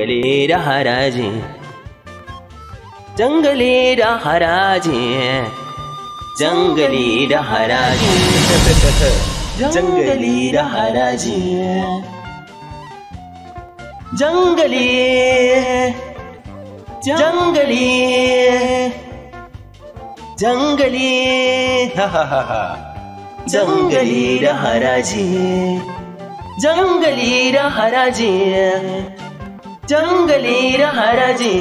जंगले राजे जंगले राजे जंगली राजे जंगली राजे जंगली जंगली जंगली जंगली राजे जंगली राजे जंगली राजे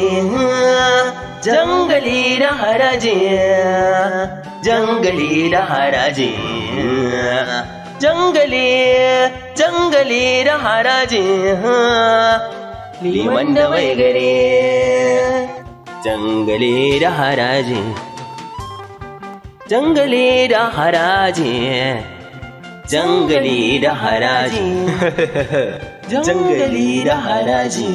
जंगली राजे जंगली राजे जंगले जंगले राजे लिमन da mai gare jangale da haraji. jangale da haraji. jangale da haraji. jangali da haraji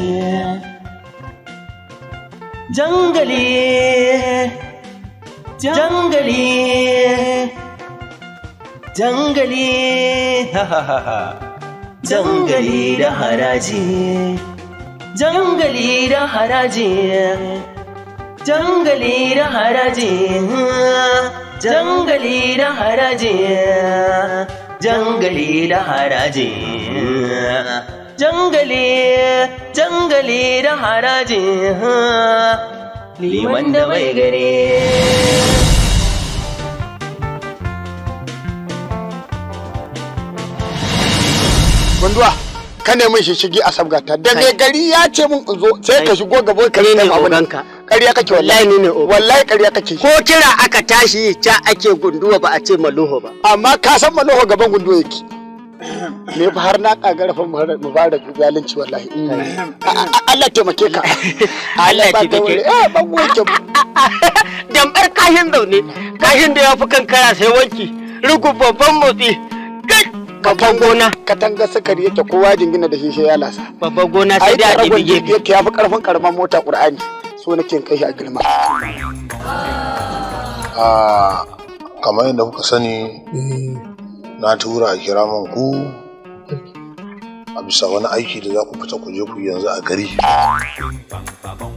jangali jangali jangali jangali da haraji jangali da haraji jangali da jangali da jangali da jangale jangale da harajin liman da bai gare Gunduwa, ka ne shi shigi a sabgata. Da mai gari ya ce min zo sai ka shigo gaban kare ne abu nan. kariya kake wallahi. ne ne Wallahi kariya kake. Ko kira aka tashi ca ake gunduwa ba a ce maloho ba. Amma ka san maloho gaban gunduwa yake. me fa har na kagara fa mubarak zalunci wallahi Allah taimake ka Allah taimake eh ban wanke dambar kashin zaune kashin da ya fi kankara sai wanki rugu babban motsi babban gona katanga sakari yake kowa jingina da shishe ya lasa babban gona sai da ake bige yake ya fi karfin karaman mota qur'ani so nake kai shi a girma ah, kamar yadda kuka sani eh. na tura a kira man ku a bisa wani aiki da za ku fita ku je ku yanzu a gari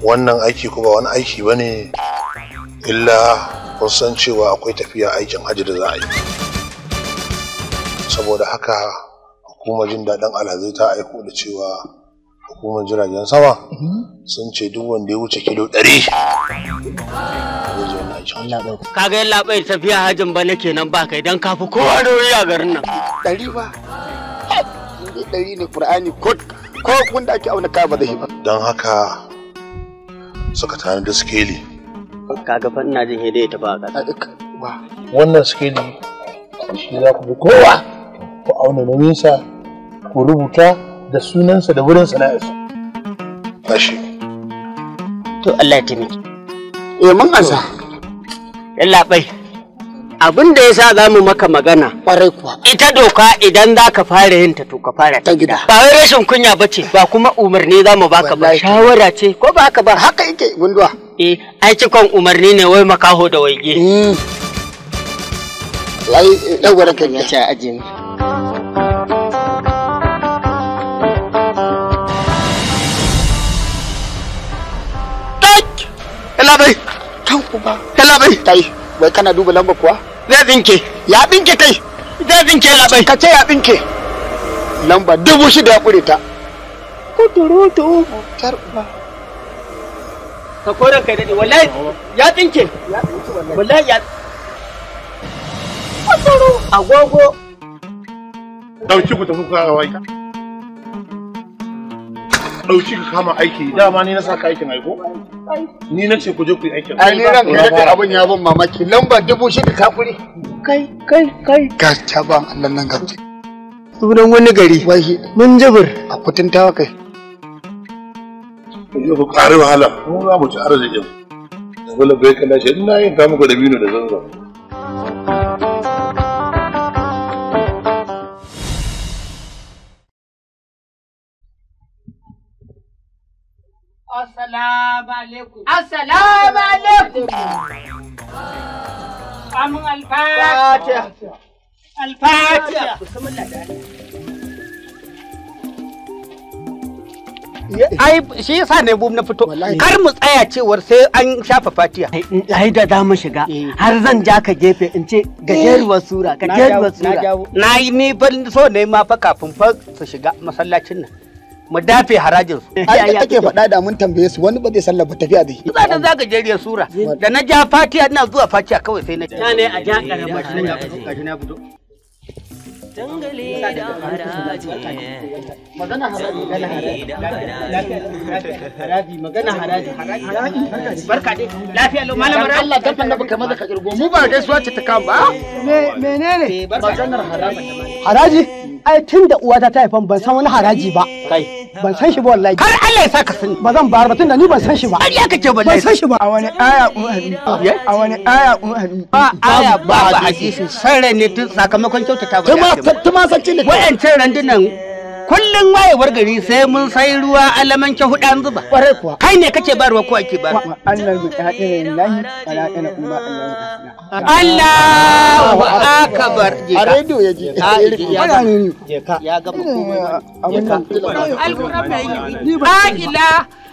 wannan aiki ku ba wani aiki ba ne illa kun san cewa akwai tafiya aikin hajji da za a yi saboda haka hukumar jin daɗin alhazai ta aiko da cewa hukumar jiragen sama mm-hmm. sun ce duk wanda ya wuce kilo ɗari Ka ga yalla bai tafiya hajin ba nake nan ba kai dan kafi kowa da wuri a garin nan. Dari ba. Dari ne Qur'ani ko ko kun da ake auna ka ba zai ba. Dan haka suka tare da skeli. Kaga fa ina jin hede ta ba ƙasa. Wannan skeli shi za ku bi kowa ku auna nauyinsa ku rubuta da sunansa da wurin sana'arsa. Tashi. To Allah ya taimake. Eh mun asa. Yallaɓai, abin da ya sa za mu maka magana. Ƙwarai kuwa. Ita doka idan za ka fara yin ta to ka fara ta gida. Ba wai rashin kunya ba ce, ba kuma umarni za mu baka ba. Shawara ce, ko ba haka ba. Haka yake gunduwa. Eh, ai cikon umarni ne wai makaho da waige. Lai hmm. ɗaukar kan ya ce ajiye. Yallaɓai. kan uba labai kai Wai kana duba lamba kuwa zai tsinke ya tsinke kai zai tsinke labai ka ce ya tsinke lamba dubu shida ya kure ta kuduru to tar ba. ka koran kai dade wallahi ya tsinke ya tsinke wallahi ya Ku kuduru agogo dauki ku tafi ku kawo wai ɗauki ka kama aiki dama ni na sa ka aikin aiko ni na ce ku je ku yi aikin ai ni ran ka da abin ya ban mamaki lamba dubu shida ta kure kai kai kai ka ta ban Allah nan gabce sunan wani gari wahi mun jibir a kutuntawa kai ku je ku ƙari wahala mu za mu ci arzikin wala bai kala shi ina yin ta muku da bino da zanzan Assalamu alaikum. Assalamu alaikum. Amin ah. alfatiha. Alfatiha. Ai shi yasa ne bum na fito kar mu tsaya cewar sai an shafa fatiya. Ai da za mu shiga eh. har zan ja ka gefe in ce gajeruwar sura eh. gajeruwar sura. Na yi ni ban so ne ma fa kafin fa su shiga masallacin nan. mu dafe harajin su ai da kake faɗa da mun tambaye su wani ba zai sallaba tafiya da shi za zaka zaga jeriya sura da na ja fatiya ina zuwa fatiya kawai sai na ta ne a ja karama shi na na fito dangale da haraji magana haraji magana haraji magana haraji haraji barka dai lafiya lo malam Allah dan annabi maza ka kirgo mu ba dai suwa ce ta kan ba menene eh, maganar haraji haraji ai tun da uwata ta haifan ban san wani haraji ba kai ban san shi ba wallahi kar Allah ya saka sani ba zan bar ba tun da ni ban san shi ba ƙarya kake ba ban san shi ba a wani aya umarni a wani aya umarni ba aya ba ba hadisi sarrai ne tun sakamakon kyautata ba tuma tuma sancin da wa'ancan randunan kullum wayewar gari sai mun sai ruwa alaman ke hudu an zuba kwarai kuwa kai ne kake ba ruwa ko ake ba Allah bi ta'ala lahi ala ala umma Allahu akbar a radio ya ka ya ga komai alquran ni ba ila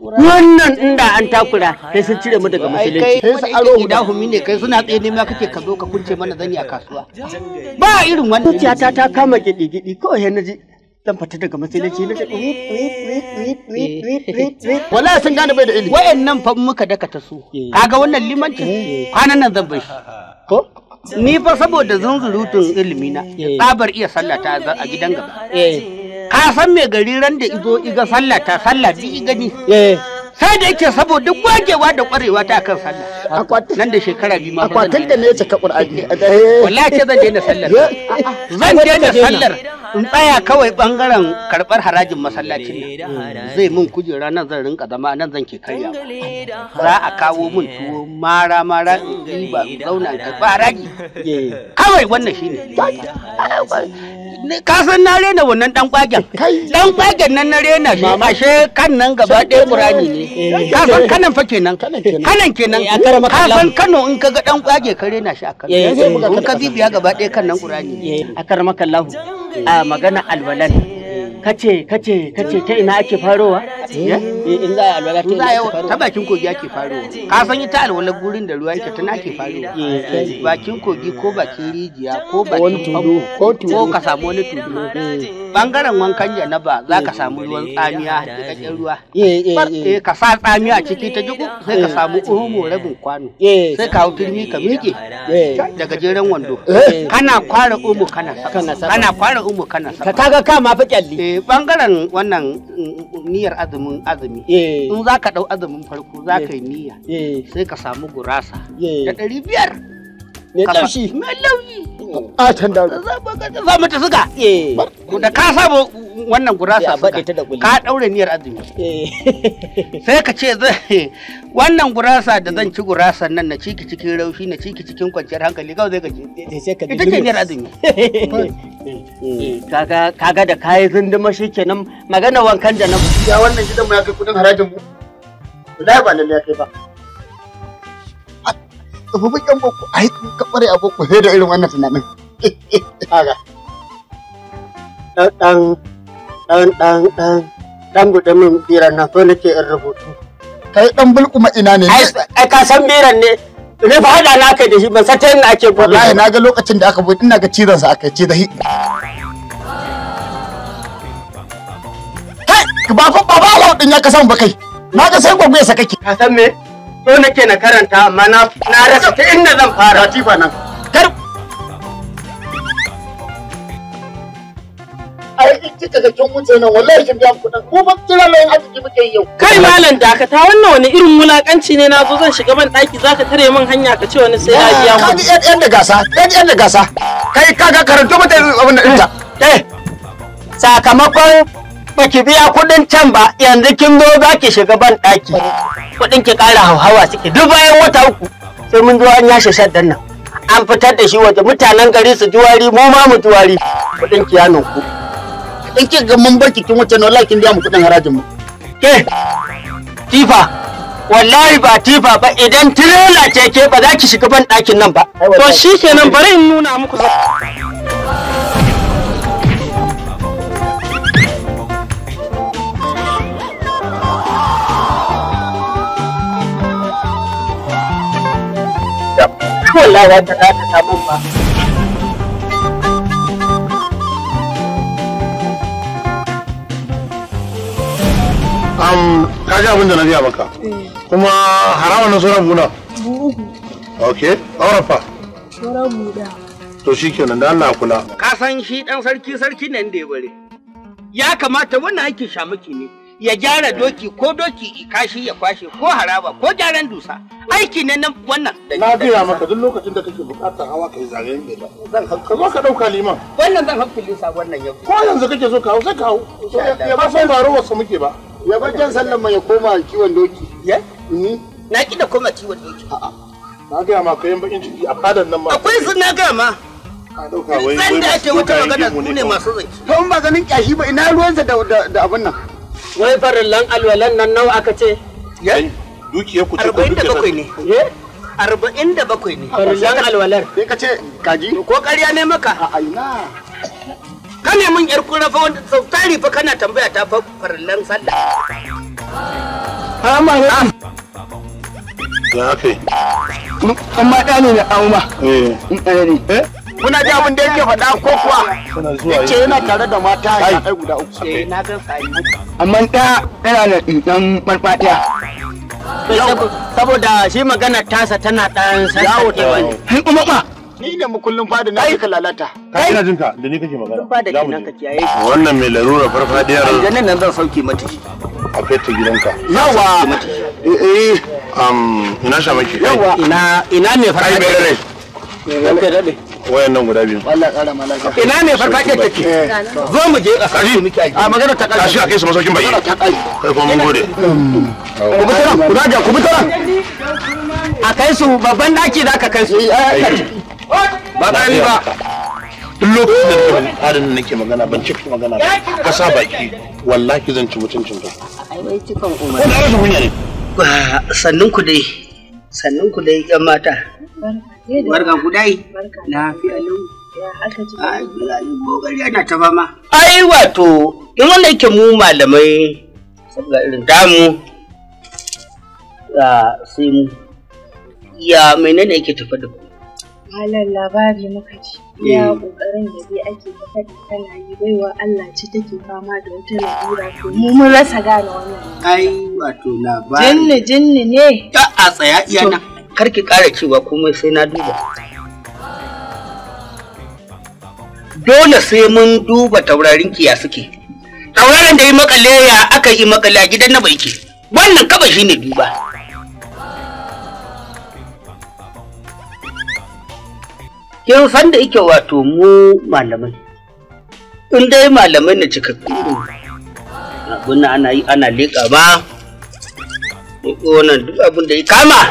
wannan inda an takura sai sun cire mu daga musulunci sai su aro guda humi ne kai suna tsaye nema kake ka zo ka kunce mana zani a kasuwa ba irin wannan zuciyata ta kama gidi gidi kawai na ji dan fita daga musulunci ne eh. wallahi sun gane bai da ilimi wayannan fa muka daka ta su eh. kaga wannan limancin eh. kwanan nan zan bai ko ni fa saboda zunzurutun ilimi na tsabar iya sallata a gidan gaba eh ka san me gari ran da izo iga sallah ta sallah bi gani eh. sai da yake saboda gwagewa da kwarewa ta kan sallah nan da shekara biyu ma akwatin da ne ya cika qur'ani eh, wallahi ce zan daina sallar zan daina sallar in tsaya kawai bangaren karbar harajin masallacin nan hmm. zai mun kujera nan zan rinka zama nan zan ke karya za a kawo mun tuwo mara mara in ba zauna in karba haraji eh. kawai wannan shine ka san na rena wannan dan kwagen dan kwagen nan na rena ne ashe kan nan gaba ɗaya burani ne ka san kanan fa kenan kanan kenan ka eh, san kano in ka ga dan kwage ka rena shi a kan eh, eh, in ka bibiya gaba ɗaya kan nan burani ne a karmakan a magana alwalan kace kace kace ta ina ake farowa eh? Eh, in za a alwala ta ina ake farowa ta bakin kogi ake farowa ka san ita alwala gurin da ruwa yake ta na ake farowa eh, bakin kogi ko bakin rijiya ko bakin tudu ko tudu ko ka samu wani tudu bangaren wankan janaba za ka samu ruwan tsamiya cikakken ruwa eh ka sa tsamiya ciki ta jiku sai ka samu omo rabin kwano sai ka hau turmi ka miƙe daga jeren wando kana kwara umu kana saka kana kwara umu kana ka kaga kama fa kyalli bangaren wannan mm, niyyar azumin azumi eh. in za ka ɗau azumin farko za ka yi eh. niyya eh. sai ka samu gurasa da ɗari biyar mai laushi can da. Za mu ta suka? Eh. Da ka saba wannan gurasa suga. Ka daure niyyar azumi. Eh. Sai ka ce wannan gurasa da zan ci gurasa nan na ciki cikin raushi na ciki cikin kwanciyar hankali kawai zai gaji. Eh, Ita ce niyyar azumi. Kaga da kayi zunduma shi kenan magana wankan da na. Ya wannan gidan mu ya kai kudin harajin mu. Wallahi ba lalle ya kai ba. tsofaffin yan boko ai ka kware a boko sai da irin wannan tunanin kaga dan dan dan dan dan buɗe min biran nan so nake in rubutu kai dan bulkuma ina ne ai ka san biran ne ne fa hada na kai da shi ban san ta yadda ake buɗe wallahi na ga lokacin da aka buɗe ina ga cizon sa aka ce da shi ba fa ba ba ya kasan ba kai na ga sai gwagwe sa kake ka san me so nake na karanta amma na rasa ta inda zan fara latifa nan kar ai in kika ga kin wuce nan wallahi kin biya kuɗin ko ba kira lai arziki muke yau kai malam dakata wannan wani irin mulakanci ne nazo zan shiga ban daki zaka tare min hanya ka ce wani sai ya biya mu ah, kai yan da gasa kai yan da gasa kai kaga karanto mutane abin da ɗinta eh sakamakon ba ki biya kuɗin can ba yanzu kin zo za ki shiga ban ɗaki kuɗin ki ƙara hauhawa suke duk bayan wata uku sai mun zo an yashe shaddan nan an fitar da shi waje mutanen gari su juwari mu ma mu juwari kuɗin ki ya nuku. in ki ga mun barki kin wuce wallahi kin biya mu kuɗin harajin mu ke tifa wallahi ba tifa ba idan tirela ce ke ba za ki shiga ban ɗakin nan ba to shikenan bari in nuna muku wallahi wata za ta samu ba um ka ji abin da na biya maka eh. kuma harawa na sauran buna ok auren fa sauran buda to shi kenan da Allah kula ka san shi dan sarki sarki nan da ya bare ya kamata wannan aikin shamaki ne ya gyara doki ko doki kashi ya kwashe ko haraba ko gyaran dusa aiki ne nan wannan na biya maka duk lokacin da kake bukatar hawa kai zagayen gida zan ka zo ka dauka liman wannan zan hakku lisa wannan yau ko yanzu kake so ka sai ka ya ba san baro wasu muke ba ya bar jan sallan mai ya koma kiwon doki ya na ki da koma kiwon doki a'a na ga ma kayan bakin ciki a fadan nan ma akwai sun na ga ma Ɗan da ake wata magana su ne masu zai. To in ba ganin kyashi ba ina ruwansa da abin nan. wai farillan alwalan nan nawa aka ce yai dukiya ku ta duke bakwai ne arba'in da bakwai ne farillan alwalar sai ka ce kaji ko ƙarya ne maka a aina ka ne mun yar kura fa wanda sau tari fa kana tambaya ta fa farillan sallah amma ne ya kai amma ɗani ne amma eh in ɗani ne Eh. Muna ji abin da yake faɗa ko kuwa yace yana tare da mata ya kai guda uku eh na san sai amma ta tana da dan farfadiya saboda shi magana tasa tana dan yawo ta wani kuma ba ni ne mu kullum fada na kika lalata Kai ina jinka da ni kake magana fada ki nan kake kiyaye wannan mai larura farfadiyar Dan nan zan sauke mata shi a kai ta gidanka yawa eh eh. um ina shamaki yawa ina ina ne farfadiyar ai bai dade wayannan guda biyu ina ne farka take eh, zo mu je a sai a magana ta Kashi a kai su masaukin bai kai kuma mun gode ku bi tara ku daga ku bi tara a kai su babban daki da ka kai su eh, ba kari ba duk lokacin da nake harin nake magana ban ciki magana ba kasa baki wallahi zan ci mutuncin ka ai cikan umar ko da rashin sannun ku dai sannun ku dai yan mata Eh, barka kudai. Lafiya lau. Kokari ana ta fama. Ai wato in wanda yake mu malamai saboda irin damu ga sai mu ya menene yake tafi da ku? Malam labari muka ji. Ya eh. kokarin da dai ake tafa da kana yi baiwa Allah ce take fama da wata lalura ko mu mun rasa gane wannan. Ai wato labari. Jinni jinni ne. Ta a tsaya nan? kar ki ƙara cewa komai sai na duba dole sai mun duba taurarin ki ya suke taurarin da yi makale ya aka yi makale a gidan na bai ke, wannan kaba ne duba kin san da yake wato mu malamai in dai malamai na cikakku abin ana yi ana leƙa ba wannan duk abin da ya kama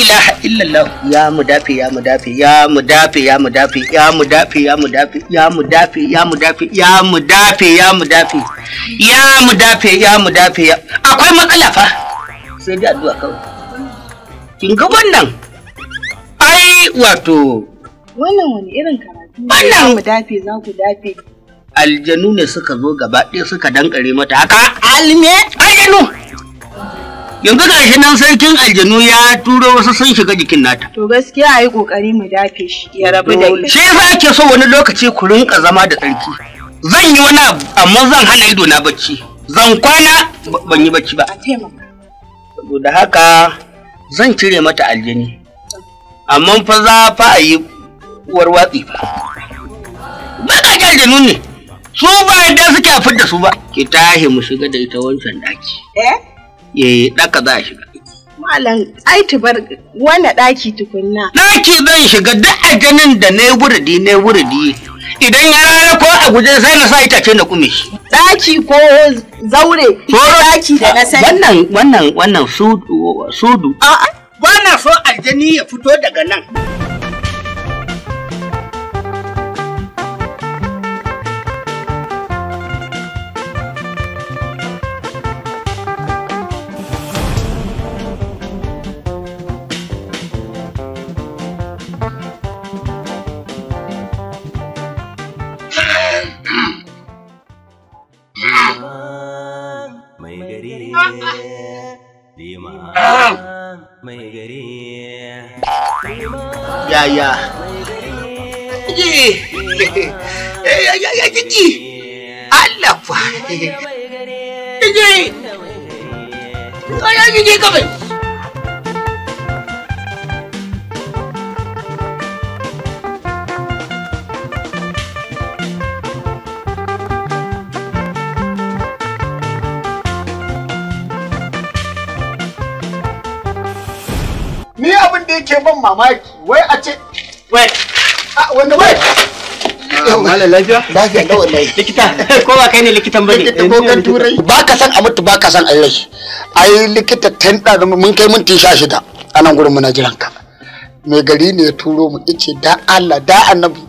ilaha illallah ya mudafi ya mudafi ya mudafi ya mudafi ya mudafi ya mudafi ya mudafi ya mudafi ya mudafi ya mudafi ya mudafi ya mudafi akwai matsala fa sai dai addu'a kawai kin ga wannan ai wato wannan wani irin karatu wannan mu dafe za ku dafe aljanu ne suka zo gaba ɗaya suka dankare mata haka alme aljanu Yanzu shi nan sarkin aljanu ya turo wasu sun shiga jikin nata. To gaskiya a yi ƙoƙari mu dafe shi ya rabu da ita. Shi yasa ake so wani lokaci ku rinka zama da tsarki. Zan yi wani abu amma zan hana ido na bacci. Zan kwana ban yi bacci ba. Saboda haka zan cire mata aljani. Amma fa za fa a yi warwatsi fa. Baƙaƙe aljanu ne. Su ba yadda suke a fidda su ba. Ki tahi mu shiga da ita wancan ɗaki. Eh? yi eh, ɗaka za a shiga malam ai bar wani ɗaki tukunna ɗaki zan shiga duk janin da na wuridi na wuridi idan ya rana ko a guje sai na sa itace na kume shi ɗaki ko zaure ko ɗaki da na sani wannan wannan wannan sudu Wannan a'a ba na so aljani ya fito daga nan Eh, ya ya ya Allah fa kiki ya Ni abin da yake ban mamaki wai a ce wai a ah, wanda wai ah, Mala lafiya? Lafiya da wallahi. Likita, ko ba kai ne likitan bane? Likita ko kan turai. Ba ka san a mutu ba ka san a Ai likita tan da mun kai minti 16 a nan gurin muna jiran ka. Mai gari ne ya turo mu yace da Allah da Annabi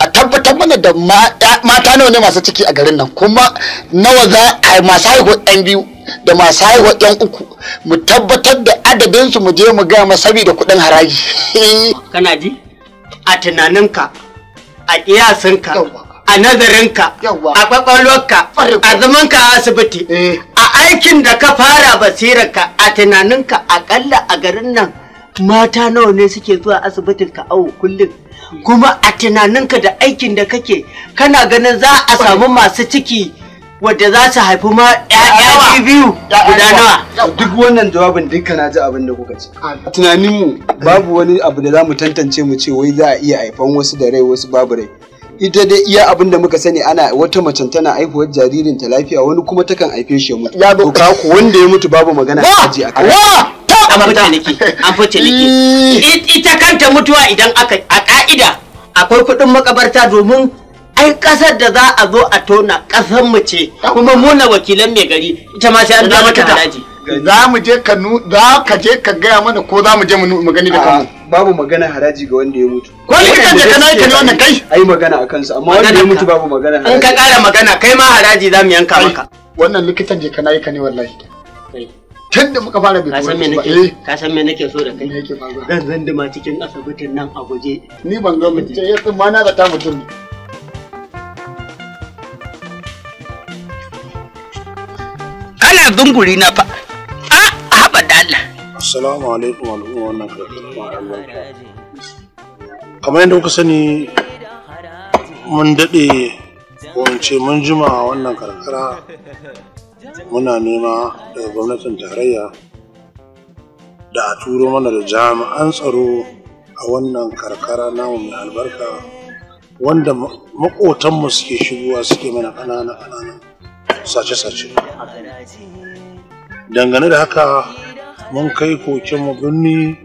a tabbatar mana da mata nawa ne masu ciki a garin nan kuma nawa za a masu haihuwa ɗan biyu da masu haihuwa yan uku mu tabbatar da adadin su mu je mu gama saboda kuɗin haraji kana ji a tunaninka a kiyasinka a nazarinka a kwakwalwarka a zamanka a asibiti eh. a aikin da ka fara basirarka a tunaninka aƙalla a garin nan mata nawa ne suke zuwa asibitin ka awo kullum hmm. kuma a tunaninka da aikin da kake kana ganin za a samu masu ciki wadda za su haifi ma ƴaƴa biyu guda nawa duk wannan jawabin dukkan na ji abin da kuka ce a tunanin mu babu wani abu da za mu tantance mu ce wai za a iya haifan wasu da rai wasu babu rai ita dai iya abin da muka sani ana wata macen tana haihuwar jaririn ta lafiya wani kuma takan haife shi ya mutu wanda ya mutu babu magana a ji a kai an fice niki an fice niki ita kanta mutuwa idan aka a ka'ida akwai kuɗin makabarta domin ai kasar da za a zo a tona kasar mu ce kuma muna wakilan mai gari ita ma sai an da mata haraji za mu je ka nu, za ka je ka gaya mana ko za mu je mu gani da kanmu babu magana haraji ga wanda ya mutu ko ne kan da kana yake ne wannan kai ai magana a kansa amma wanda ya mutu babu magana haraji an ka kara magana kai ma haraji za mu yanka maka wannan likitan je kana yake ne wallahi tun da muka fara bai san nake eh. ka san me nake so da kai zan zanduma cikin asibitin nan a guje ni ban ga mutum ya eh, tsimma na da ta mutum ana zunguri na fa a haɓa da Allah assalamu alaikum al'umma wannan kamar yadda kuka sani mun daɗe ko in ce mun jima wannan karkara muna nema daga gwamnatin tarayya da a turo mana da jami'an tsaro a wannan karkara namu mai albarka wanda makotanmu suke shigowa suke mana ƙanana-ƙanana. sace-sace dangane da haka mun kai kokin mu birni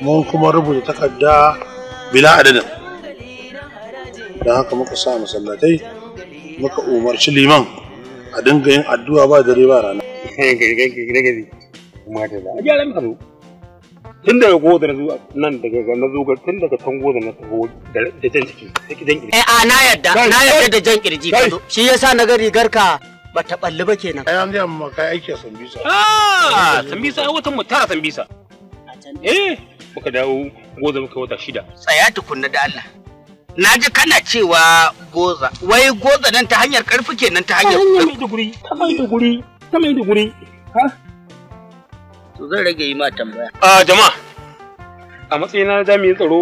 mun kuma rubuta takarda bila adadin don haka muka sa masallatai muka umarci liman a dinga yin addu'a ba dare ba rana tun daga goza na zuwa nan daga na zuwa tun daga can goza na taho da jan ciki jan kirji eh a ah, na yadda na yadda da jan kirji shi yasa na ga rigar ka ba ta balli ba kenan ai an ga amma kai aiki a sambisa ah sambisa ai wata mutara sambisa eh muka dawo goza muka wata shida tsaya tukunna da Allah na ji kana cewa goza wai goza nan ta hanyar karfi kenan ta hanyar ta mai duguri ta mai duguri ta mai duguri ha to zan rage yi ma tambaya a jama'a a matsayina na jami'in tsaro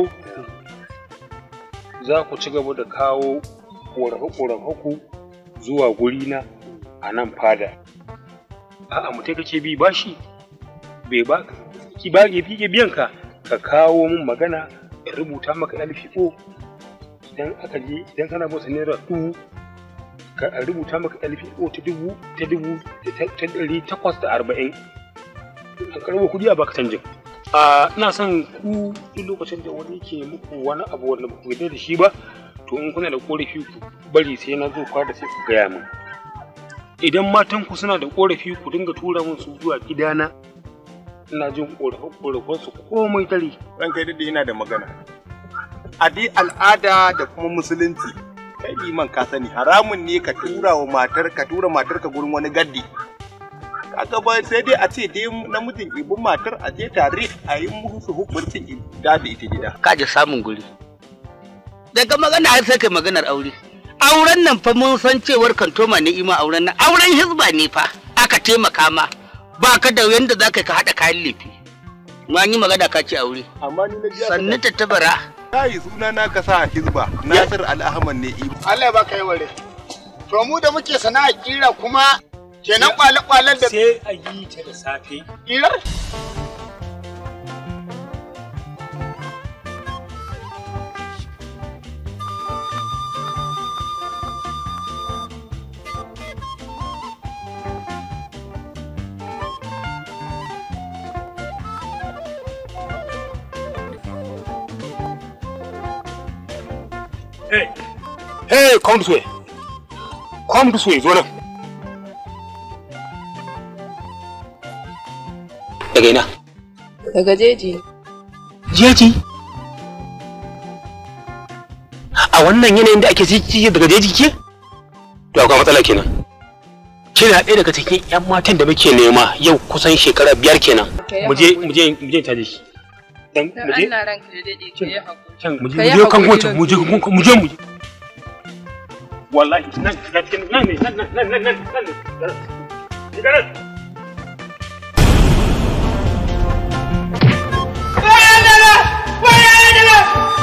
za ku ci gaba da kawo ƙorafe-ƙorafe zuwa gurina a nan fada a'a mutai kake bi bashi bai ba ki ba ki biyan ka ka kawo min magana in rubuta maka alfi ko idan aka je idan kana bin naira dubu ka rubuta maka alfi ko ta dubu ta dubu ta ɗari takwas da arba'in ka karɓo kuɗi a baka canjin a ina son ku duk lokacin da wani ke muku wani abu wanda ku yarda da shi ba to in kuna da korafi ku bari sai na zo kwada sai ku gaya min idan matan ku suna da korafi ku dinga tura min su zuwa gidana ina jin korafin su komai tare ran kai dade yana da magana a al'ada da kuma musulunci kai liman ka sani haramun ne ka tura wa matar ka tura matar ka gurin wani gaddi aka ba sai dai a ce dai namijin ibin matar a je tare a yi musu hukuncin da ita gida ka ji samun guri daga magana har sai kai maganar aure auren nan fa mun san cewar kantoma ne ima auren nan auren hizba ne fa aka taimaka ma ba ka da yanda za ka haɗa kayan lefi ma ni magana ka ce aure sannu ta tabara kai suna na ka sa hizba nasir al'ahman ne ima Allah ya baka yi ware to mu da muke sana'a kira kuma kenan kwale-kwalen da sai a yi ta da safe irar Hey, hey, come this way. Come this way, zo daga ina daga jeji jeji a wannan yanayin da ake ciki daga jeji ke to akwai matsala kenan kina ɗaya daga cikin yan matan da muke nema yau kusan shekara biyar kenan mu je mu je mu je taje shi dan mu je Allah ranka da mu je mu je mu je mu je wallahi nan nan nan nan nan nan nan nan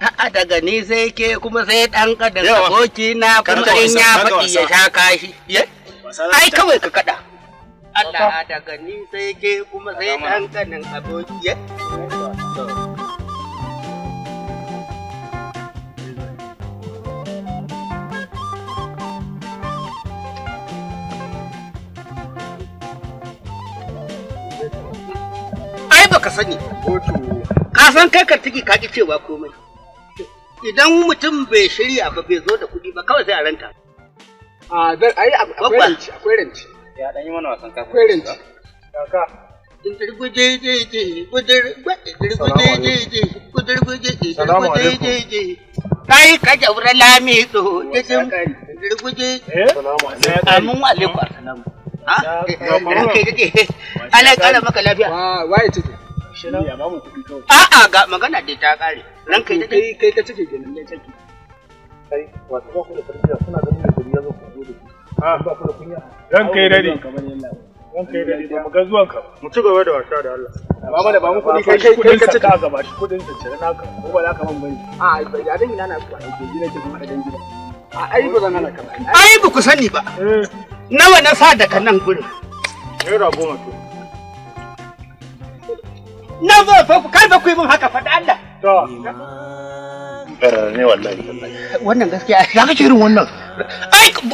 a daga ni sai ke kuma sai ɗan kadan aboki na kuma in ya faɗi ya sha kashi. Ai kawai ka kaɗa. Allah daga ni sai ke kuma sai ɗan kadan aboki. Ai baka sani. Ka san kai ka tiki ka ki cewa komai. idan mutum bai shirya ba bai zo da kuɗi ba kawai sai a ranta. A zan ayi akwai akwai ranci. Ya dan yi mana wasan kafa. Akwai ranci. Kaka. Kai ka lami to dirguje. Salamu alaikum. Ha? Ala maka lafiya. ya bamu kuɗi kawai. A'a ga magana dai ta kare Ran kai kai ka cike kenan ne cike. Kai wato ba ku da tarbiyya kuna ganin da gari zo ku zo da ku. Ah ba ku da kunya. Ran kai dai. Ran kai ba mu ga zuwan ka. Mu ci gaba da wasa da Allah. Ba ba da ba mu kuɗi kai kai kai ka cike ka shi kuɗin sa cire naka ko ba za ka man bane. A'a da dan ina a ba zan hana ka ba eh. ku sani ba. Eh. Nawa na sa daga nan gurin. na zo fa kar ba ku haka Allah to eh, ne wallahi wannan gaskiya ya wannan ai ku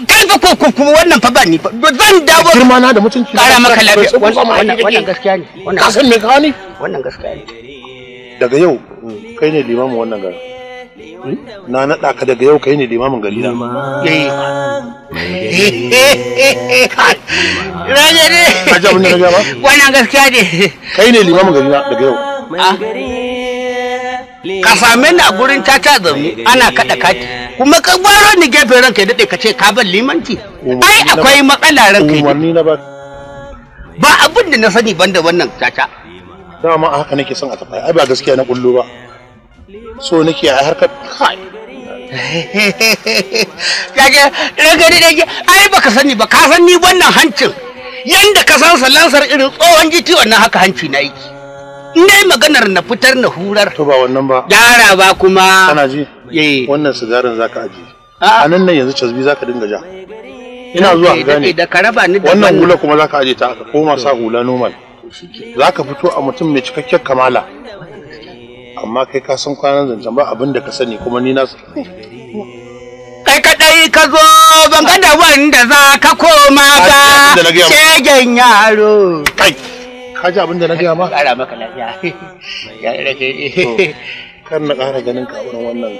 kuma wannan fa ba ni zan dawo girma na da mutunci kara maka lafiya wannan gaskiya ne wannan ka me wannan gaskiya ne daga yau kai ne limamin wannan garin Eh? na naɗa ka daga yau kai ne limamin gari na eh. wannan gaskiya ne kai ne limamin gari na daga yau ah. ka same ni a gurin tata zaune ana kaɗa kati kuma ka gwaro ni gefen ranka ya daɗe ka ce ka bar limanci ai akwai matsala ranka ya ba abin da na sani banda wannan tata dama a haka nake son a tafaya ai ba gaskiya na kullu ba so nake a harkar kai yage ragari da ai baka sani ba ka san ni wannan hancin yanda ka san salansar irin tsohon giti wannan haka hanci na yake dai maganar na fitar na hurar to ba wannan ba gyara ba kuma kana ji eh wannan sigarin zaka aje ah. a nan nan yanzu cazbi zaka dinga ja ina zuwa gane da ka raba ni da wannan hula kuma zaka aje ta aka koma sa hula normal zaka fito a mutum mai cikakken kamala amma kai ka san kwanan zancen ba abin da ka sani kuma ni na kai dai ka zo ban ga da wanda za ka koma ba shegen yaro kai ka ji abin da na gaya ma kara maka lafiya ya rake kan na kara ganin ka wurin wannan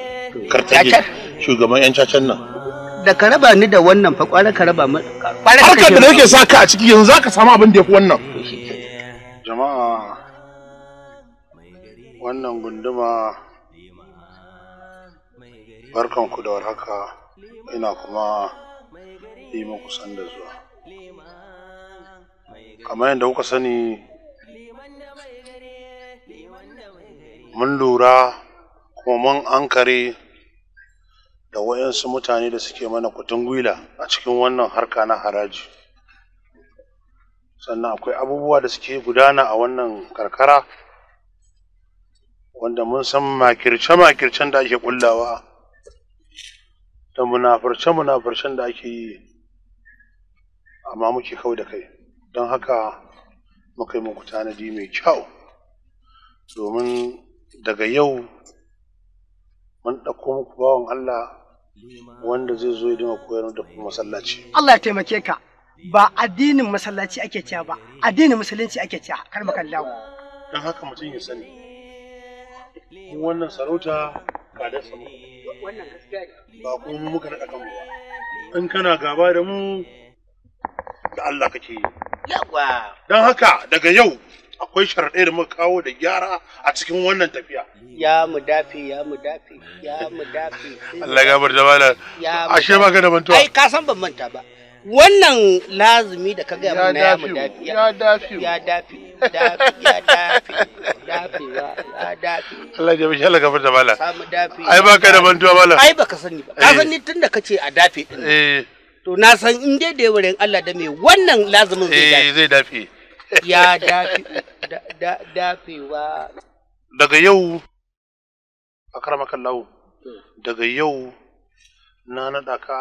kartage shugaban yan cacan nan da ka raba ni da wannan fa kwara ka raba mu harkar da nake saka a ciki yanzu zaka samu abin da yafi wannan jama'a wannan gunduma barkanku da warhaka ina kuma yi muku da zuwa kamar yadda kuka sani mun lura kuma mun ankare da wayansu mutane da suke mana kutun gwila a cikin wannan harka na haraji sannan akwai abubuwa da suke gudana a wannan karkara wanda mun san makirce-makircen da ake kullawa da munafurce-munafurcen da ake yi amma muke kawai da kai don haka muka yi muku tanadi mai kyau domin daga yau mun ɗauko muku bawan Allah wanda zai zo ya dima koyar da kuma masallaci. Allah ya taimake ka ba addinin masallaci ake cewa ba addinin musulunci ake cewa kar makallahu. Don haka mutum ya sani. wannan sarauta ba da samu ba kuma muka naɗa kanmu ba in kana gaba da mu da Allah kake yi don haka daga yau akwai sharaɗe da muka kawo da gyara a cikin wannan tafiya ya mu dafe ya mu dafe ya mu dafe Allah ya gabar da ashe ba ka da mantuwa ai ka san ban manta ba wannan lazumi da ka gaya mana ya mu dafi ya dafi ya dafi ya dafi dafewa ya dafi Allah ya mishi Allah gafarta mala samu dafi ai baka da mantuwa mala ai baka sani ba ka sani eh. tunda kace a dafe din eh. to na san in dai da wurin Allah da me wannan lazumin zai eh, dafi zai dafi ya dafi dafewa daga yau akramakallahu hmm. daga yau na naɗa ka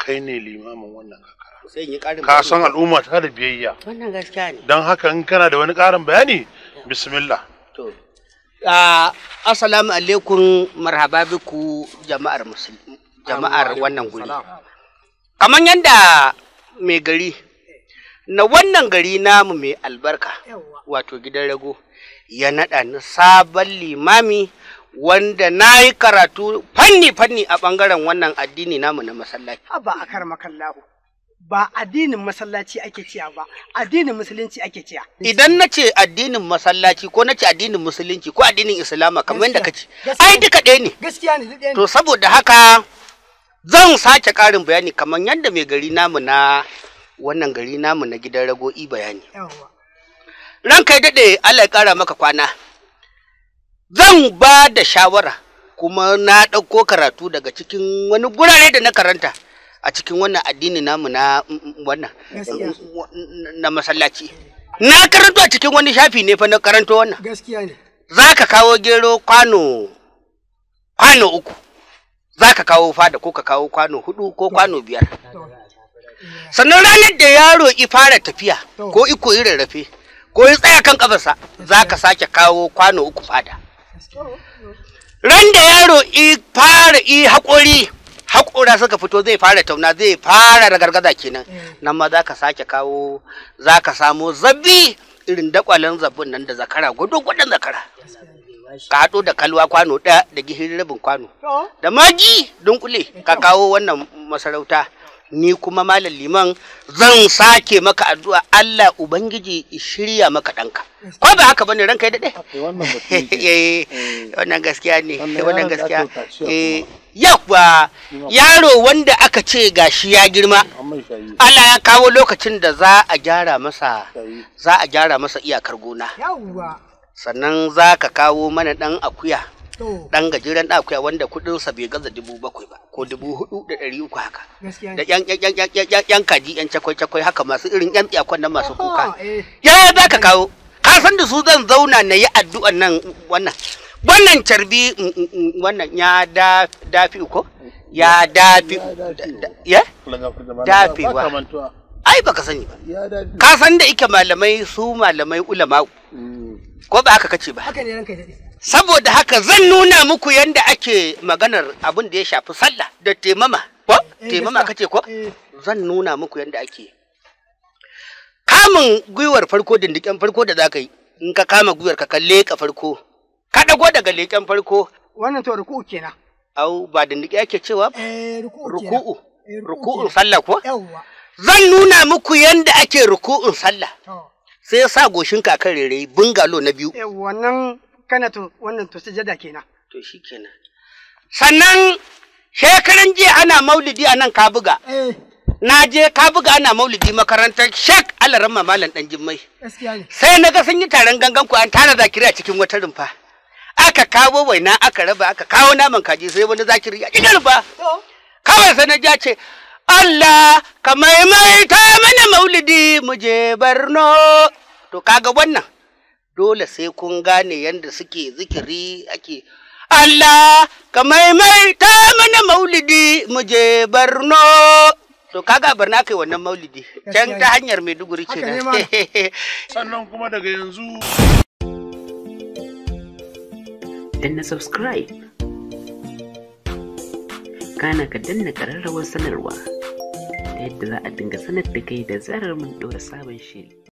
kai ne limamin wannan kakara ka san al'umma ta da biyayya wannan gaskiya ne don haka in kana da wani ƙarin bayani bismillah to assalamu alaikum marhaba biku jama'ar musulmi jama'ar wannan guri kamar yadda mai gari na wannan gari namu mai albarka wato gidan rago ya naɗa na sabon limami wanda na yi karatu fanni-fanni a ɓangaren wannan addini namu na masallaci. Ba a kar makallahu. Ba addinin masallaci ake ciya ba, addinin musulunci ake ciya. Idan na ce addinin masallaci ko na ce addinin musulunci ko addinin islama kamar yadda ka ce, ai duka ɗaya ne. Gaskiya ne, ɗaya ne. To saboda haka zan sake ƙarin bayani kamar yadda mai gari namu na wannan gari namu na gidan rago'i bayani. Ranka ya daɗe Allah ya ƙara maka kwana. zan ba da shawara kuma na ɗauko karatu daga cikin wani gurare da na karanta a cikin wannan addini namu na mm, mm, wannan mm, na masallaci na karanto a cikin wani shafi ne fa na karanto wannan gaskiya ne za ka kawo gero kwano kwano uku za ka kawo fada ko ka kawo kwano hudu ko kwano biyar sannan ranar da yaro i fara tafiya ko iko irin rafe ko ya tsaya kan kafarsa za ka sake kawo kwano uku fada ran da yaro i fara i haƙuri haƙura suka fito zai fara tauna zai fara ragargaza kenan mm. nan ma za ka sake kawo za ka samo zabi irin dakwalen zabin nan da zakara gudu gudun zakara ka haɗo da kalwa kwano ɗaya da gihirin rabin kwano da magi dunkule ka kawo wannan masarauta ni kuma malam liman zan sake maka addu'a Allah ubangiji shirya maka ɗanka ko ba haka bane ranka ya daɗe eh, wannan gaskiya ne wannan eh, gaskiya yawa eh, yaro wanda aka ce gashi ya girma Allah ya kawo lokacin da za a gyara masa za a gyara masa iyakar gona sannan za ka kawo mana ɗan akuya dan gajeren da akwai wanda kudin sa bai gaza dubu bakwai ba ko dubu hudu da dari uku haka da yan yan yan yan yan kaji yan cakwai cakwai haka masu irin yan tsiyakon nan masu kuka eh. Ya ya zaka kawo ka san da su zan zauna na yi addu'an nan wannan wannan carbi mm, mm, mm, wannan ya da dafi ko ya dafi ya dafi wa ai baka sani ba ka san da ike malamai su malamai ulama ko ba aka kace ba haka ne ranka dade saboda haka zan nuna muku yadda ake maganar abin da ya shafi sallah da taimama ko eh, temama kace ko eh. zan nuna muku yadda ake kamun gwiwar farko dindiken farko da zaka yi in ka kama gwiwar ka kalle ka farko ka dago daga leken farko wannan to ruku'u kenan au ba dindike yake cewa eh, ruku'u ruku'un sallah ko zan nuna muku yadda ake ruku'un sallah sai ya sa goshin kakan rere bungalo na biyu wannan kana to wannan to sujada kenan to shikenan sannan shekaran jiya ana maulidi a nan ka buga eh. na je ka ana maulidi makarantar shek alaran mamalan dan jimmai sai na ga sun yi taron gangan ku an tara zakiri a cikin wata rumfa aka kawo waina aka raba aka kawo naman kaji sai wani zakiri a cikin rumfa kawai sai na ja ce Allah ka maimaita mana maulidi mu je Barno to kaga wannan dole sai kun gane yadda suke zikiri ake Allah ka maimaita mana maulidi mu je Barno to kaga Barna kai wannan maulidi can ta hanyar Maiduguri ce sannan kuma daga yanzu danna subscribe kana ka danna kararrawar sanarwa ta yadda za a dinga sanar da kai da zarar mun ɗora sabon shiri